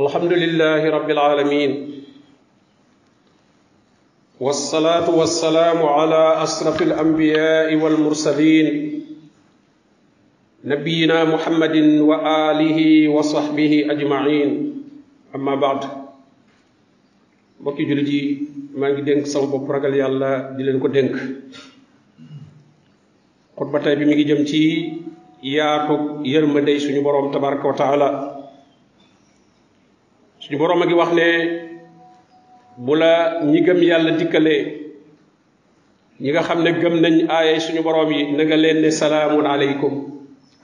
الحمد لله رب العالمين والصلاة والسلام على أشرف الأنبياء والمرسلين نبينا محمد وآله وصحبه أجمعين أما بعد mbokki jullit yi maa ngi dénk sama bopp ragal yàlla di leen ko dénk xutba tey bi mi ngi jëm ci yaatu yërmandey suñu borom tabaraka wa taala suñu boroom a ngi wax ne bu la ñi gëm yàlla dikkalee ñi nga xam ne gëm nañ aaya suñu boroom yi na nga leen ne salaamun aleykum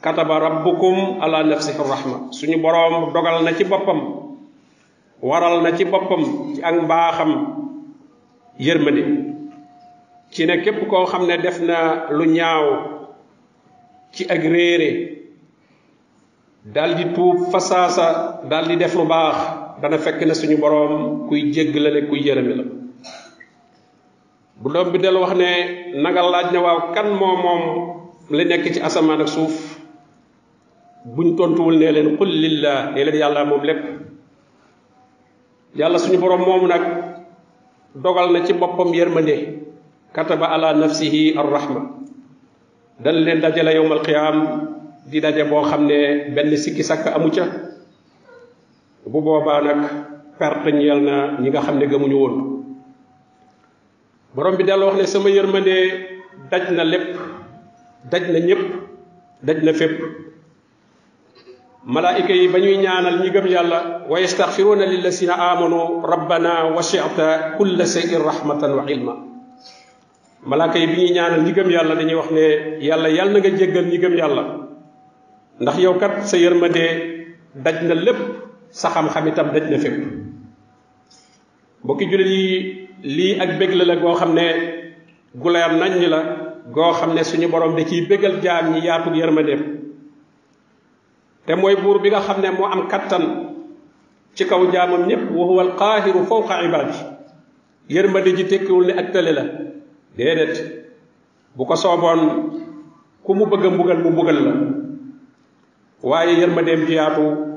kataba rabbukum ala nafsihi rahma suñu boroom dogal na ci boppam waral na ci boppam ci ak mbaaxam yërmande ci ne képp koo xam ne def na lu ñaaw ci ak réere daldi tuub fasaasa daldi def lu baax dana fekk ne suñu borom kuy jéggalale kuy yërëmi la bu doom bi del wax ne naga laaj ne waaw kan moo moom li nekk ci asamaan ak suuf buñ tontuwul ne leen qul lillah ne leen yàlla moom lépp yàlla suñu borom moomu nag dogal na ci boppam yërmande kataba ala nafsihi arrahma dal leen dajale yowmal qiyaam di daje boo xam ne benn sikki sàkk amu ca bu boba nak perte ñeel na ñi nga xamne gëmu ñu woon borom bi dal wax ne sama yërmande daj na lépp daj na ñépp daj na fépp malaika yi bañuy ñaanal ñi gëm yàlla wa yastaghfiruna lillasina amanu rabbana wasi'ta kulla shay'in rahmatan wa ilma malaika yi biñuy ñaanal ñi gëm yàlla dañuy wax ne yàlla yàlla na nga jéggal ñi gëm yàlla ndax yow kat sa yërmande daj na lépp sa xam-xam itam daj na fépp mbokki jullit yi lii ak bégle la goo xam ne guleer nañ la goo xam ne suñu boroom di ciy bégal jaam ñi yaatug yërmandeem te mooy buur bi nga xam ne moo am kàttan ci kaw jaamam ñépp wa huwa alqaahiru fawqa ibaadi yërmande ji tekkiwul ne ak tële la déedéet bu ko sooboon ku mu bëgg a mbugal mu mbugal la waaye yërmandeem ji yaatu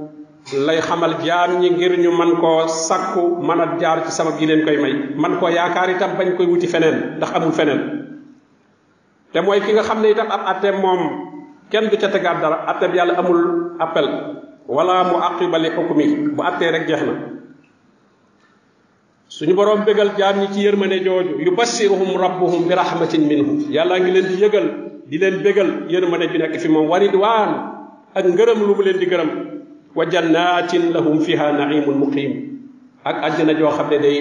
lay xamal jaam ñi ngir ñu man koo sakku mën a jaar ci sabab yi leen koy may man koo yaakaar itam bañ koy wuti feneen ndax amul feneen te mooy ki nga xam ne itam ab atte moom kenn du ca tegaat dara atte yàlla amul appel wala mu aqiba li xukmi bu attee rek jeex na suñu borom bégal jaam ñi ci yërmane jooju yu bassiruhum rabbuhum bi rahmatin minhu yàlla ngi leen di yëgal di leen bégal yërmane ju nekk fi moom waridwaan ak ngërëm lu mu leen di gërëm وجنات لهم فيها نعيم مقيم اك اجنا جو خا مني داي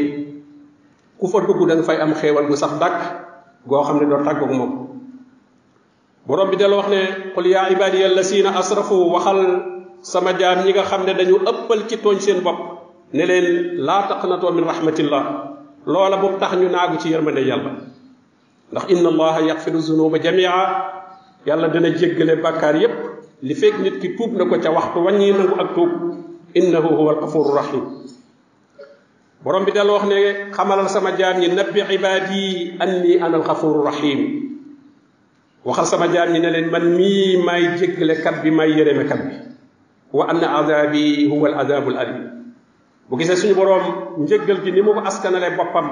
كو فا دوغ دا فاي ام خيوال بو صاح داك غو خا مني دو تاغوك موم بروم بي دلو واخني قل يا عبادي الذين اسرفوا وخل سما جام نيغا خا مني دانيو ابل سي تون سين بوب نيلن لا تقنطوا من رحمه الله لولا بوب تاخ ني ناغو سي يرمه دي يالا ان الله يغفر الذنوب جميعا يالا دنا جيغلي بكار ييب li fekk nit ki tuub na ko ca waxtu wàññi nangu ak tuub innahu huwa alghafuru rahim borom bi dal wax ne xamalal sama jaam ñi nabbi ibadi anni ana alghafuru rahim waxal sama jaam ñi ne leen man mii may jéggale kat bi may yërëme kat bi wa anna azabi huwa al alim bu gisee suñu borom njëggal gi ni mu askanale boppam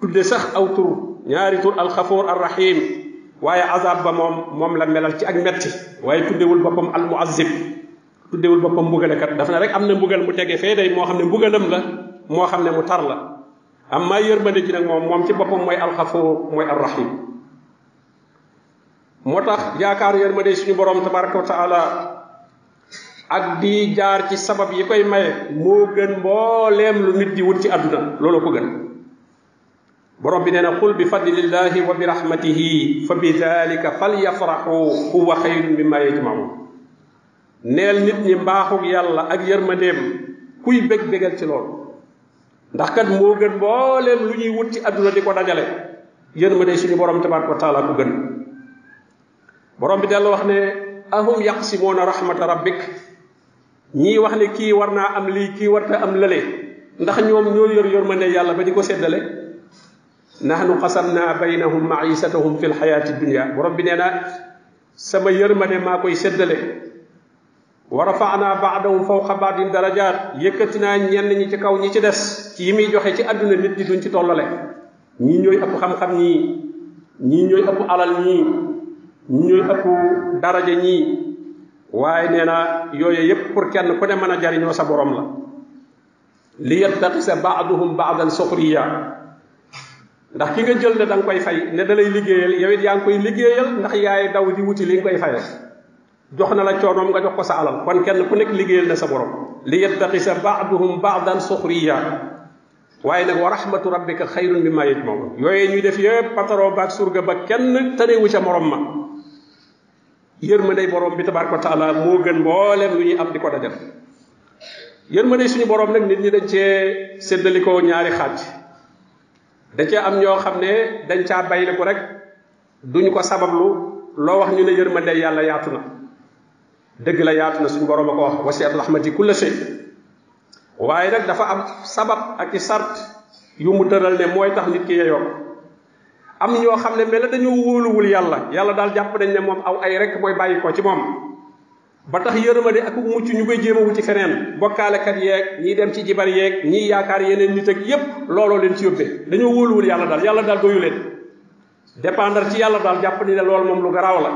tudde sax aw tur ñaari tur alghafur arrahim waaye azab ba moom moom la melal ci ak metti waaye tuddewul boppam al muazzib tuddewul boppam mbugalekat dafa ne rek am na mbugal mu tege fee day moo xam ne mbugalam la moo xam ne mu tar la am amma yërmande ji nag moom moom ci boppam mooy alxafuur mooy arrahim moo tax yaakaar yërmande suñu borom tabaraka wa taala ak di jaar ci sabab yi koy maye moo gën mbooleem lu nit di wut ci àdduna loolu ko gën borom bi nee na xul bi fadlillahi wa bi rahmatihi fa bi dalika falyafraxu huwa xayrun mimma yajmaun neel nit ñi mbaaxug yàlla ak yërmandeem kuy bég-bégal ci loolu ndax kat moo gën mbooleem lu ñuy wut ci àdduna di ko dajale yën yërmande suñu borom tabaraka wa taala ku gën borom bi dellu wax ne ahum yaqsimoona rahmata rabbik ñii wax ne kii war naa am lii kii warta am lële ndax ñoom ñoo yor yërmande yàlla ba di ko seddale نحن قصرنا بينهم معيشتهم في الحياة الدنيا ورب نينا سما يرمني ما كوي سدلي ورفعنا بعضهم فوق بعض درجات يكتنا نيان ني تي كاو ني تي ديس تي مي جوخي تي ادنا نيت دي دون تي تولالي ني نيو اب خام خام ني ني نيو اب علال ني ني نيو اب درجه ني واي نينا يوي ييب بور كين كو ني مانا جاري نيو سا بوروم لا ليتقس بعضهم بعضا سخريه ndax ki nga jël ne da nga koy fay ne dalay lay liggéeyal yow it yaa ngi koy liggéeyal ndax yaay daw di wuti li nga koy fayal jox na la coonoom nga jox ko sa alal kon kenn ku nekk liggéeyal na sa borom li yattaqisa baaduhum baadan suxriya waaye nag wa rahmatu rabbika xayrun mimma yajmaun yooyee ñuy def yëpp pataro baak surga ba kenn tënewu ca morom ma yërmandey borom bi tabaraka wa taala moo gën mbooleem lu ñuy am di ko dajal yërmandey suñu borom nag nit ñi dañ cee séddalikoo ñaari xaaj da cee am ñoo xam ne dañ caa bayliku rek duñ ko sabablu loo wax ñu ne yërmande yàlla yaatu na dëgg la yaatu na suñu borom a ko wax wasiat rahmati kulla shay waaye nag dafa am sabab ak i sart yu mu tëral ne mooy tax nit ki yeyoo am ñoo xam ne mel na dañoo wóoluwul yàlla yàlla daal jàpp nañ ne moom aw ay rek mooy bàyyi ko ci moom ba tax yërmande ak mucc ñu koy jéem a wuti feneen bokkaalekat yeeg ñiy dem ci jibar yeeg ñiy yaakaar yeneen nit ak yépp looloo leen ci yóbbee dañoo wóoluwul yàlla daal yàlla daal doyu leen dépendre ci yàlla daal jàpp ni ne lool moom lu garaaw la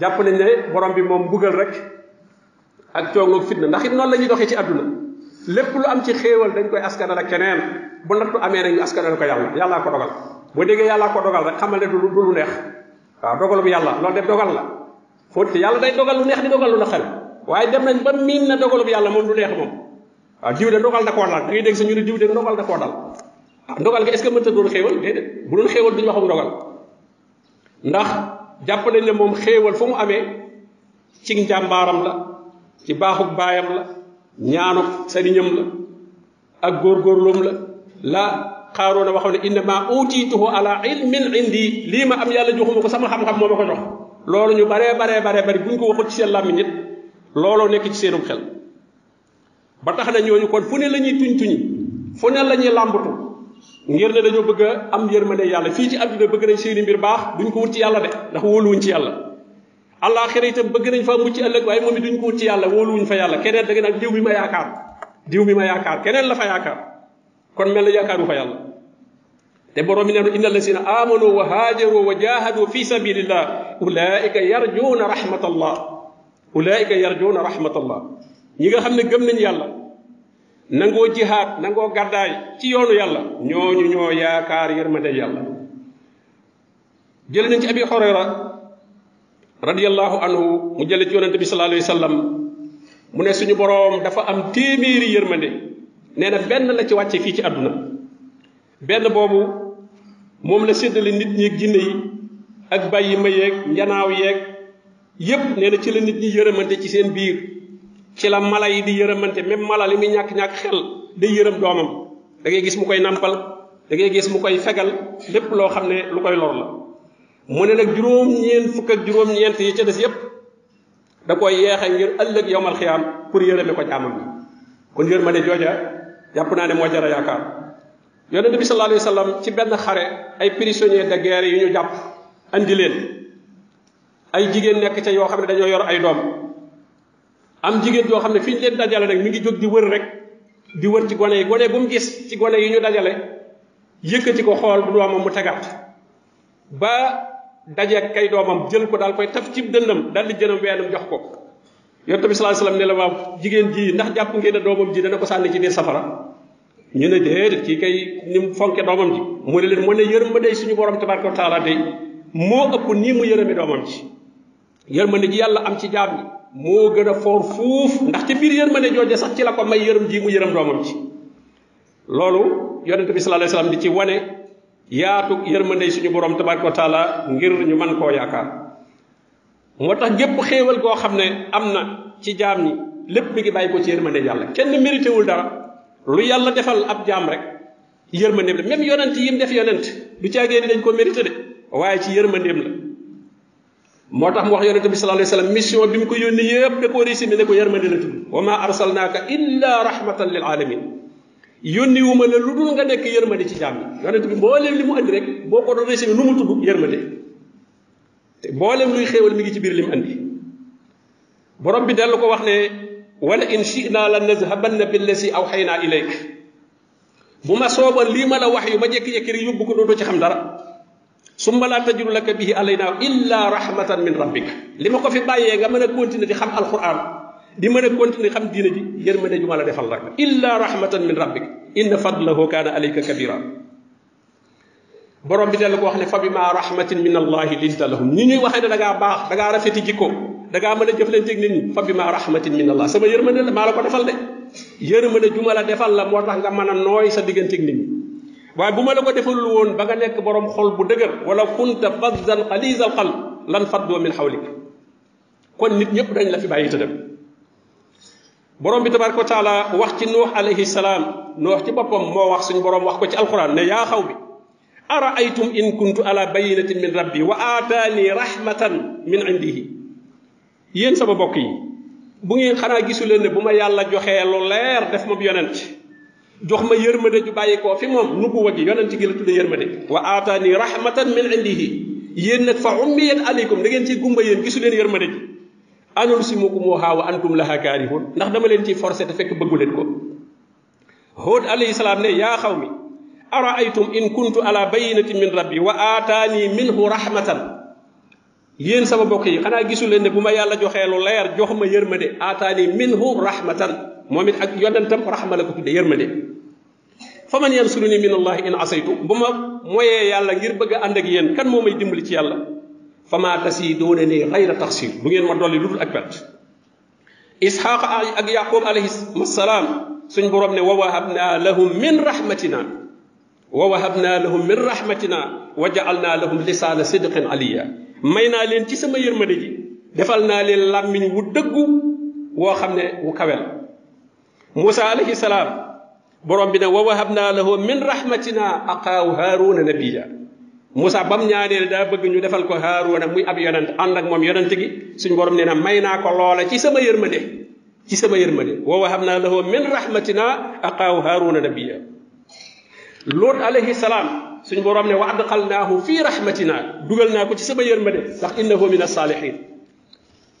jàpp nañ ne borom bi moom mbugal rek ak coogloog fitna ndax it noonu la ñuy doxee ci àdduna lépp lu am ci xéewal dañ koy askanal ak keneen bu nattu amee nag ñu askanal ko yàlla yàllaa ko dogal boo déggee yàllaa ko dogal rek xamal ne du lu neex waaw dogalu bi yàlla loolu def dogal la fóot yàlla day dogal lu neex di dogal lu na xari waaye dem nañ ba miin na dogalub yàlla moom lu neex moom waaw ah, diw de dogal da koo dal de dogal da koo dal ah dogal nga est-ce que mënta doon xéewal déedéet bu doon xéewal duñu waxum dogal ndax jàpp nañ ne moom xéewal fu mu amee ci njàmbaaram la ci baaxuk baayam la ñaanuk sëriñam la ak góorgóorloom la la xaaroona waxoon ne innama utiituhu ala ilmin indi lii ma am yàlla joxuma ko sama xam-xam moo ma ko jox loolu ñu baree baree baree bari buñ ko waxul ci seen làmmiñ nit looloo nekk ci seenum xel ba tax na ñooñu kon fu ne la ñuy tuñ tuñi fu ne la ñuy làmbatu ngir ne dañoo bëgg a am yërmande yàlla fii ci àdduna bëgg nañ seeni mbir baax duñ ko wut ci yàlla de ndax wóoluwuñ ci yàlla àllaaxira itam bëgg nañ fa ci ëllëg waaye moom it duñ ko wut ci yàlla wóoluwuñ fa yàlla keneen da nga naan diw bi ma yaakaar diw bi ma yaakaar keneen la fa yaakaar kon mel na yaakaaru fa te borom mi nee na inna allasina amanu wa haajaru wa jahadu fi sabilillah ulaika yarjuuna rahmatallah ulaika yarjuuna rahmatallah ñi nga xam ne gëm nañ yàlla nangoo jihaad nangoo gàddaay ci yoonu yàlla ñooñu ñoo yaakaar yërmande yàlla jël nañ ci abi xorayra radiyallahu anhu mu jël ci yonente bi sallallahu alayhi mu ne suñu boroom dafa am téeméeri yërmande nee na benn la ci wàcce fii ci àdduna benn boobu moom la séddale nit ñi ak yi ak bàyyi ma yeeg njanaaw yeeg yépp nee na ci la nit ñi yërëmante ci seen biir ci la mala yi di yërëmante même mala li muy ñàkk ñàkk xel day yërëm doomam da ngay gis mu koy nampal da ngay gis mu koy fegal lépp loo xam ne lu koy lor la mu ne nag juróom-ñeent fukk ak juróom-ñeent yi ca des yépp da koy yeexe ngir ëllëg yowmal xiyaam pour yërëme ko jaamam kon yërmande jooja jàpp naa ne moo jara yaakaar yonente bi sallallahu alayhi ci benn xare ay prisonniers de guerre yu ñu jàpp andi leen ay jigéen nekk ca yoo xam ne dañoo yor ay doom am jigéen yoo xam ne fi ñu leen dajale nag mi ngi jóg di wër rek di wër ci gone yi gone bu mu gis ci gone yi ñu dajale yëkkati ko xool bu doomam mu tegaat ba dajeeg kay doomam jël ko daal koy taf ci dëndam daal di jënam weenam jox ko yonente bi sallallahu alayhi wa sallam ne la jigéen jii ndax jàpp ngeen ne doomam ji dana ko sànni ci biir safara ñu ne déedéet kii kay ni mu fonke doomam ji mu ne leen mu ne yërmande suñu borom tabaraka wa taala day moo ëpp nii mu yërëme doomam ji yërmande ji yàlla am ci jaam ñi moo gën a foor fuuf ndax ci biir yërmande jooje sax ci la ko may yërëm ji mu yërëm doomam ji loolu yonent bi sallallahu di ci wane yaatu yërmande suñu borom tabaraka wa taala ngir ñu man koo yaakaar moo tax gépp xéewal goo xam ne am na ci jaam ñi lépp mu ngi bàyyi ko ci yërmande yàlla kenn mérité wul lu yàlla defal ab jaam rek yërmandeem la même yonent yim def yonent du caagee ni dañ ko mérité de waaye ci yërmandeem la moo tax mu wax yonente bi sallallahu alayhi wasallam mission bi mu ko yónni yépp da koo résumé ne ko yërmande la tudd wa ma arsalnaaka illa rahmatan lil alamin yónni wu ma la lu dul nga nekk yërmande ci jaam yi yonente bi mbooleem li mu andi rek boo ko doon mi nu mu tudd yërmande te mbooleem luy xéewal mi ngi ci biir li mu andi borom bi dellu ko wax ne ولئن شئنا لنذهبن بالذي اوحينا اليك بما صوب لي ما لا وحي ما جيك يكري يوبك دودو تي خم دارا ثم لا تجر لك به علينا الا رحمه من ربك لما كو في بايي غا مانا كونتيني دي خم القران دي مانا كونتيني خم دين دي يير مانا جو مالا ديفال رك الا رحمه من ربك ان فضله كان عليك كبيرا بروم بي دال كو واخني فبما رحمه من الله لنت لهم ني ني واخني داغا باخ داغا رافيتي جيكو da ngaa mën a jëflanteeg nit ñi fa bi ma rahmatin min allah sama yërmande la maa la ko defal de yërmande juma la defal la moo tax nga mën a nooy sa digganteeg nit ñi waaye bu ma la ko defalul woon ba nga nekk borom xol bu dëgër wala kunta fazzan xaliisal xal lan faddoo min xawlik kon nit ñëpp dañ la fi bàyyi tëddam borom bi tabaraka wa taala wax ci nuux alayhi salaam nuux ci boppam moo wax suñ borom wax ko ci alquran ne yaa xaw bi أرأيتم إن كنت على بينة من ربي وآتاني رحمة من عنده yéen sama bokk yi bu ngeen xanaa gisu leen ne bu ma yàlla joxee lu leer def ma yonent jox ma yërmande ju bàyyi ko fi moom nubuwa gi yonent gi la tudde yërmande wa aataani rahmatan min indihi yéen nag fa ummiyat alaykum da ngeen ci gumba yéen gisu leen yërmande ji anul si muku moo xaawa antum laha kaarihun ndax dama leen ci forcé te fekk bëggu leen ko hud alayhi salaam ne yaa xaw mi araaytum in kuntu ala bayinatin min rabbi wa aataani minhu rahmatan yéen sama bokk yi xanaa gisu leen ne bu ma yàlla joxee lu leer jox ma yërmande aataani minhu rahmatan moom it ak yonentam rahma la ko tudde yërmande fa man yansuruni min allah in asaytu bu ma moyee yàlla ngir bëgg ànd ak yéen kan moo may dimbali ci yàlla fa maa tasiiduuna ni xayra taxsir bu ngeen ma dolli lu dul ak perte isxaaq ak yaqub alayhi salaam suñ borom ne wa wahabna lahum min rahmatina wa wahabna lahum min rahmatina wa jaalna lahum lisaana sidqin aliya may naa leen ci sama yërmande ji defal naa leen làmmiñ wu dëggu woo xam ne wu kawe la Muusa alayhi salaam borom bi ne wa naa lahu min rahmatina aqaahu Haruna nabiya Muusa ba mu ñaaneel daa bëgg ñu defal ko haaruna muy ab yonent ànd ak moom yonent gi suñ borom nee na may naa ko loola ci sama yërmande ci sama yërmande wa naa lahu min rahmatina aqaahu Haruna nabiya Lut alayhi salaam suñu borom ne wa adxalnaahu fi rahmatina dugal naa ko ci sama yërmande ndax innahu min asalihin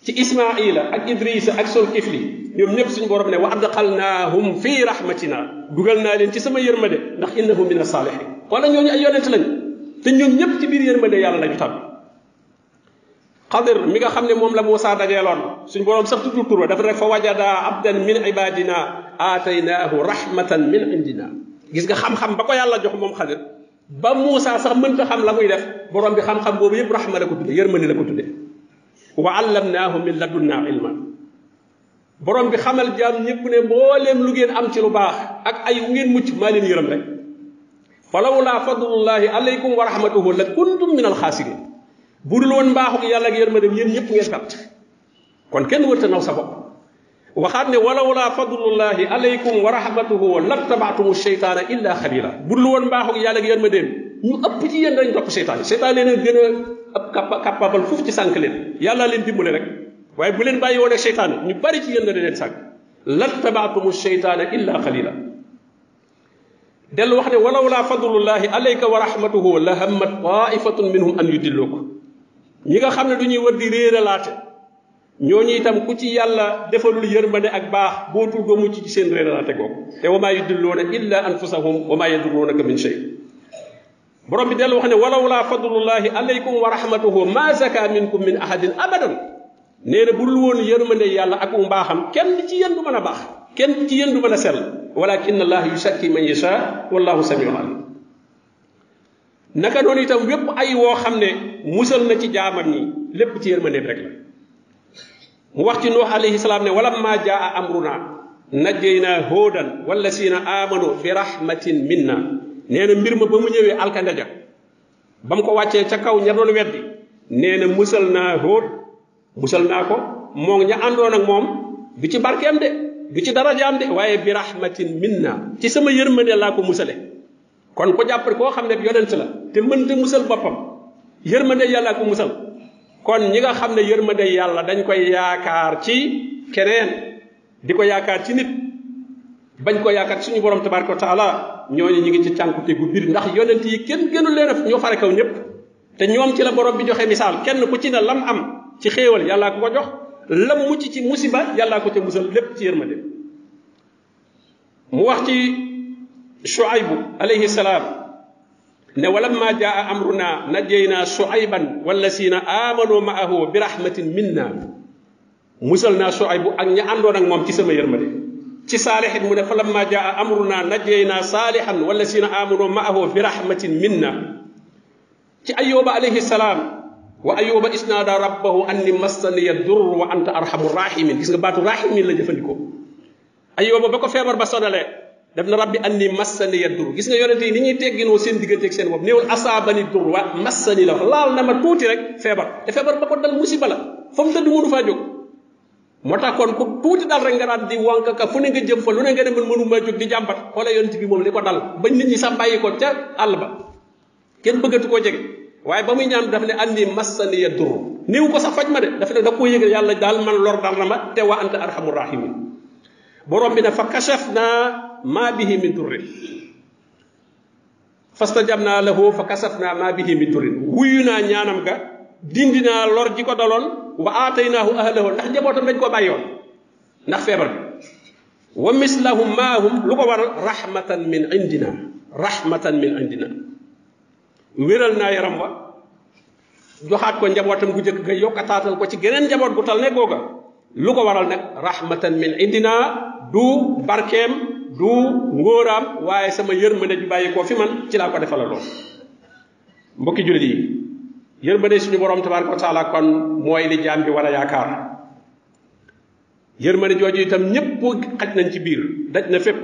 ci ismaila ak idrisa ak sol kifli ñoom ñëpp suñu borom ne wa adxalnaahum fi rahmatina dugal naa leen ci sama yërmande ndax innahu min asalihin wala ñooñu ay yonent lañ te ñoom ñëpp ci biir yërmande yàlla lañu tabbi xadir mi nga xam ne moom la Moussa dajeeloon suñ borom sax tudd tur ba dafa rek fa wajada abdan min ibadina aataynaahu rahmatan min indina gis nga xam-xam ba ko yàlla jox moom xadir ba Moussa sax mën mënta xam la muy def borom bi xam-xam boobu yëpp rahma la ko tudde yërmani la ko tudde wa allamnaahu min ladunna ilma borom bi xamal jaam ñëpp ne mbolem lu ngeen am ci lu baax ak ay wu ngeen mucc ma leen yërëm rek falawlaa fadlullahi alaykum wa rahmatuhu la kuntum min alxaasirin bu dul won mbaaxu yàlla ak yërmane yéen ñëpp ngeen kat kon kenn wërta naw sa bopp waxaat ne wala wala fadlullahi alaykum wa rahmatuhu lattabaatum sheytaana illa xalila budul woon mbaaxu yàlla ak yërma dem ñu ëpp ci yéen dañ topp seytaan seytaan leen gën a ab kappa kappabal foofu ci sànk leen yàlla leen dimbale rek waaye bu leen bàyyi woon ak seytaan ñu bari ci yéen la leen sànk lattabaatum sheytaana illa xalila dellu wax ne wala wala fadlullahi alayka wa rahmatuhu la hammat taifatun minhum an yudilluko ñi nga xam ne du ñuy wër di réeralaate ñooñu itam ku ci yàlla defalul yërmane ak baax boo tuddoo mucc ci seen réer la tegoo te wa maa yudilluuna illa anfusahum wa maa ka min shay borom bi dellu wax ne walaw laa fadlullahi alaykum wa rahmatuhu ma zaka minkum min ahadin abadan nee na bu lu woon yërmande yàlla ak mbaaxam kenn ci yéen du mën a baax kenn ci yéen du mën a sell walakin allah yusakki man yasha wallahu samiu alim naka noonu itam wépp ay woo xam ne musal na ci jaamam ñi lépp ci yërmandeem rek la mu wax ci nuux alayhi ne walamma jaa amruna najjayna hóodan walasina amanu bi rahmatin minna nee na mbir ma ba mu ñëwee alkande ja ba mu ko wàccee ca kaw ña doon weddi nee na musal naa hóod musal naa ko moog ña àndoon ak du ci de du ci de waaye bi rahmatin minna ci sama yërmande laa ko musale kon ko jàpp koo xam ne yonent la te mënta musal boppam yermane yàllaa ko musal kon ñi nga xam ne yërmande yàlla dañ koy yaakaar ci keneen di ko yaakaar ci nit bañ ko yaakaar suñu borom tabaraka taala ñooñu ñi ngi ci cànkute gu bir ndax yonent yi kenn gënu leen a ñoo fare kaw ñëpp te ñoom ci la borom bi joxe misaal kenn ku ci ne lam am ci xéewal yàlla ko ko jox lam mucc ci musiba yàlla ko ca musal lépp ci yërmande mu wax ci shuaybu alayhi salaam ne walamma jaa amruna najjeyna suayban wallasina amanu maahu bi rahmatin minna musal naa suaybu ak ña àndoon ak moom ci sama yërmande ci saalixit mu ne fa lamma jaa amruna najjeyna saalixan wallasina amanu maahu bi rahmatin minna ci ayuba alayhi salaam wa ayuba isnaada rabbahu anni massaniya dur wa anta arhamu rahimin gis nga baatu rahimin la jëfandikoo ayuba ba ko feebar ba sonalee daf na rabbi anni massani yadur gis nga yonente yi ni ñuy tegginoo seen diggante ak seen bopp néewul asaabani dur wa massani la laal na ma tuuti rek feebar te feebar ba ko dal musiba la fa mu tëdd mënu faa jóg kon ku tuuti dal rek nga daan di wànk ka fu ne nga jëm fa lu ne nga ne man mënu maa jóg di jàmbat xoola yonente bi moom li dal ba nit ñi sax bàyyi ca àll ba kenn bëggatu koo jege waaye ba muy ñaan daf ne anni massani yadur ko faj ma de daf ne da man lor dal na ma te wa anta arhamur rahimin borom bi ne fa kashafna maa bihi min durrin fastajabnaa lahu fa kasafnaa maa bihi min wuyu naa ñaanam ga dindi naa lor ji ko daloon wa aataynaahu ahlahu ndax njabootam dañ ko bàyyoon ndax feebar bi wa mislahum maahum lu ko waral rahmatan min indina rahmatan min indina wéral naa yaram wa joxaat ko njabootam gu njëkk ga yokkataatal ko ci geneen njaboot gu tal ne googa lu ko waral nag rahmatan min indina du barkeem du ngóoraam waaye sama yërmande ju bàyyi koo fi man ci laa ko defalaloo mbokki julit yi yërmande suñu borom tabaraka wa taala kon mooy li jaam wala war a yaakaar yërmande jooju itam ñépp xaj nañ ci biir daj na fépp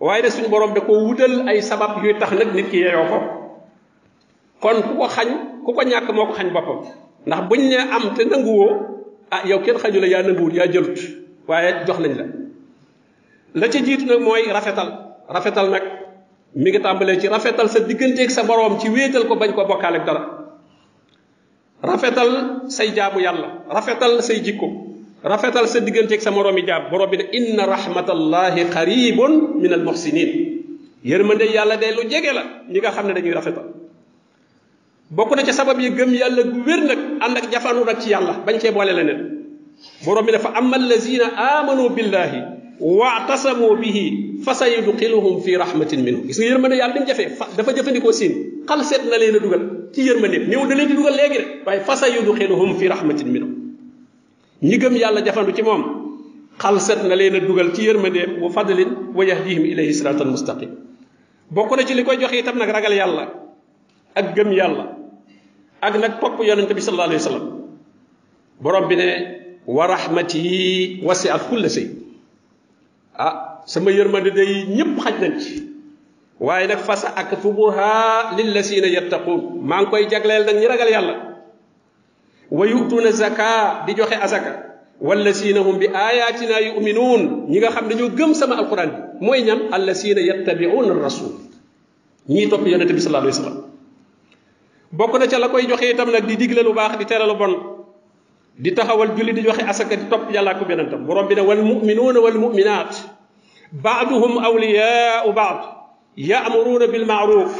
waaye de suñu borom da ko wutal ay sabab yu tax nag nit ki yeyoo ko kon ku ko xañ ku ko ñàkk moo ko xañ boppam ndax buñ ne am te nanguwoo ah yow kenn xañu la yaa nanguwul yaa jëlut jox nañ la la ca jiitu nag mooy rafetal rafetal nag mi ngi tàmbalee ci rafetal sa digganteeg sa boroom ci wéetal ko bañ ko bokkaale ak dara rafetal say jaamu yàlla rafetal say jikko rafetal sa digganteeg sa moroomi jaam boroom bi ne inna rahmatallahi qaribun min al muhsinin yërmande yàlla de lu jege la ñi nga xam ne dañuy rafetal bokk na ca sabab yi gëm yàlla gu wér nag ànd ak jafandu nag ci yàlla bañ cee boole leneen boroom bi ne fa amma allazina amanu billahi واعتصموا به فسيدخلهم في رحمة منه يسن يرمنا يال نيم جافي دافا جافانديكو سين خال سيت نا لينا دوغال تي يرمنا نيو دا لين دوغال ليغي ري باي فسيدخلهم في رحمة منه ني گم يالا جافاندو تي موم خال سيت نا لينا دوغال تي يرمنا وفضل ويهديهم اليه صراط المستقيم بوكنا تي ليكوي جوخي تام نك راغال يالا اك گم يالا اك نك توپ يونت بي صلى الله عليه وسلم بروم بي ني ورحمتي وسعت كل شيء ah sama yërmande day ñëpp xaj nañ ci waaye nag fasa ak fubuha lillasiina yattaquun maa ngi koy jagleel nag ñi ragal yàlla wa yutuuna zaka di joxe azaka wallasiina hum bi ayatina yuminuun ñi nga xam dañoo gëm sama alquran mooy ñam allasiina yattabiuuna rasul ñii topp yonente bi sallallahu alayhi bokk na ca la koy joxe itam nag di digle lu baax di tere lu bon di taxawal julli di joxe asaka di top yàlla ko yonentam borom bi ne wal mu'minuna wal mu'minat ba'dhum awliya'u ba'd ya'muruna bil ma'ruf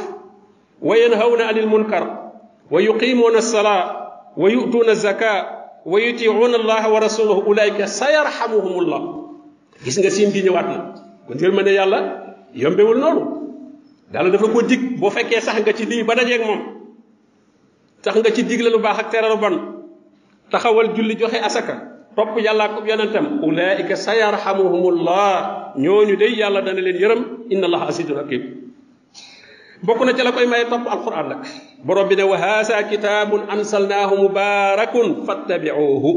wa yanhawna anil munkar wa yuqimuna as alsalaa wa yu'tuna az alzaka wa yuti'una Allah wa rasuluhu ulaika sayarhamuhum Allah gis nga siin bi ñewat na ko jël ma ne yàlla yombewul noonu yàlla dafa ko dig bo fekke sax nga ci di ba dajeeg mom sax nga ci digle lu bax ak tere lu bon taxawal julli joxe asaka topp yàlla ak yonentam ulaika sayarhamuhumullah ñooñu day yàlla dana leen yërëm inna allah asidun hakim bokk na ci la koy maye topp alquran nag borom bi ne wa haasa kitaabun ansalnaahu mubaarakun fattabiuhu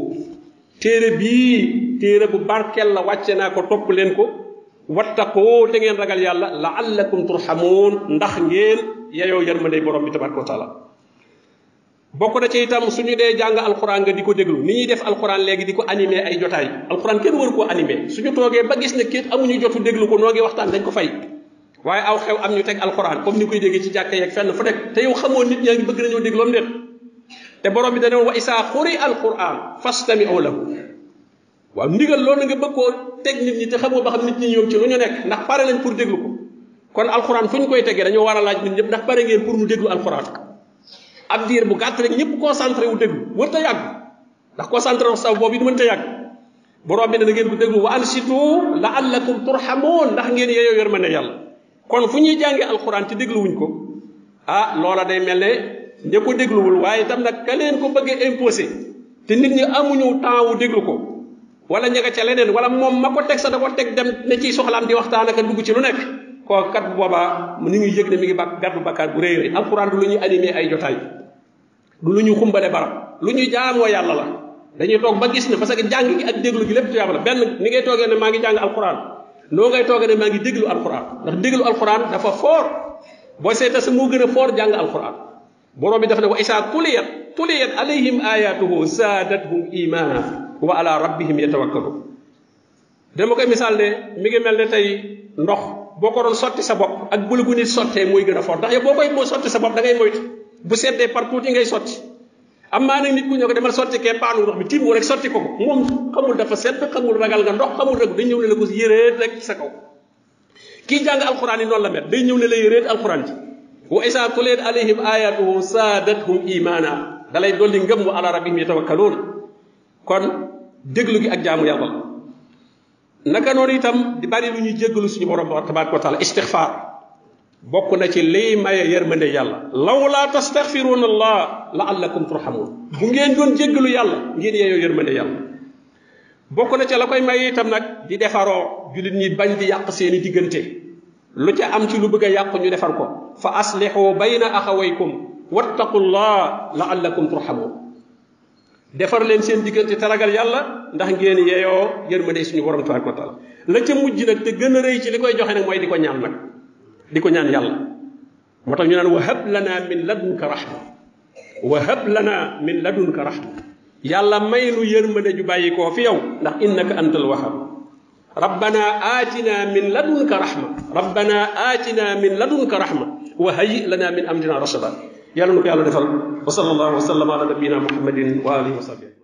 téere bii téere bu barkel la wàcce naa ko topp leen ko wattaqoo te ngeen ragal yàlla laallakum turhamuun ndax ngeen yeyoo yërmandey borom bi tabaraka wa taala bokk na ci itam suñu dé jàng alcorane nga diko déglu ni ñi def alcorane légui diko animer ay jotay alcorane kenn waru ko animer suñu toogee ba gis ne kete amuñu jotu déglu ko nogi ngi waxtaan dañ ko fay waye aw xew am ñu tek alcorane comme ni koy déggé ci jakkay ak fenn fu nekk te yow xamoo nit ñi ngi bëgg nañoo dégloom déet te borom bi dañu wa isa xuri alquran fastamiu lahu wa ndigal loolu nga bëgg koo teg nit ñi te xamoo ba xam nit ñi ñoom ci lu ñu nekk ndax pare lañ pour déglu ko kon alcorane fuñ koy téggé dañu wara laaj nit ñëpp ndax pare ngeen pour ñu déglu alcorane ab diir bu gàtt rek ñëpp concentré wu déglu wër ta yàgg ndax concentré wu saw boobu it mënta yàgg borom bi ne na ngeen ko déglu wa ansitu laallakum turhamoon ndax ngeen yeeyoo yor ma ne yàlla kon fu ñuy jàngee alxuraan te dégluwuñ ko ah loola day mel ne ña dégluwul waaye itam nag ka leen ko bëggee imposé te nit ñi amuñu temps wu déglu ko wala ña nga ca leneen wala moom ma ko teg sa da ko teg dem ne ciy soxlaam di waxtaan ak dugg ci lu nekk koo kat bu ni ngi yëg ne mi ngi bàkk gàddu bàkkaar bu rëy rëy alxuraan du lu ñuy ay jotaay du lu ñu xumbale barab lu ñu jaamoo yàlla la dañuy toog ba gis ne parce que jàng gi ak déglu gi lépp tuyaaba la benn ni ngay toogee ne maa ngi jàng alquran noo ngay toogee ne maa ngi déglu alquran ndax déglu alquran dafa foor boo seeta sa moo gën a foor alquran borom bi ne wa isa tuliyat tuliyat alayhim ayatuhu zaadathum imana wa ala rabbihim yatawakkalun dama koy misaal ne mi ngi mel ne tey ndox boo ko doon sotti sa bopp ak bulu gu nit sottee mooy gën a foor ndax yow boo koy moo sa bopp da ngay moytu bu seddee partout yi ngay sotti am maa nag nit ku ñëw ko demal sotti kee ndox mi tiim ko rek sotti ko ko moom xamul dafa sedd xamul ragal nga ndox xamul rek dañ ñëw ne la ko yëreet rek ci sa alxuraan day ñëw ne la yëreet alxuraan ji wa isa tuliyat alayhim ayatuhu saadathum imaana dalay dolli ngëm wa ala rabbihim yatawakkaluun kon déglu gi ak jaamu yàlla naka noonu itam di bari lu ñuy jéggalu suñu borom tabaaraka wa taala istixfaar bokk na ci liy maye yërmande yàlla law laa allah la allakum turhamun bu ngeen doon jéggalu yalla ngeen yeeyoo yërmande yàlla bokk na ca la koy maye itam nag di defaroo julit ñi bañ di yàq seeni diggante lu ca am ci lu bëgg a ñu defar ko fa aslihu bayna axawaykum wattaqullah la allakum turhamun defar leen seen diggante te ragal yàlla ndax ngeen yeeyoo yërmande suñu borom tabaraka wa taala la ca mujj nag te gën a rëy ci joxe ñaan diko ñaan yàlla motax ñu naan wa hab lana min ladunka rahma wa hab lana min ladunka rahma yàlla maylu yermane ju bayiko fi yow ndax innaka antal wahhab ربنا آتنا من لدنك رحمة ربنا آتنا من لدنك رحمة وهيئ لنا من أمرنا رشدا يا لنك يا وصلى الله وسلم على نبينا محمد وآله وصحبه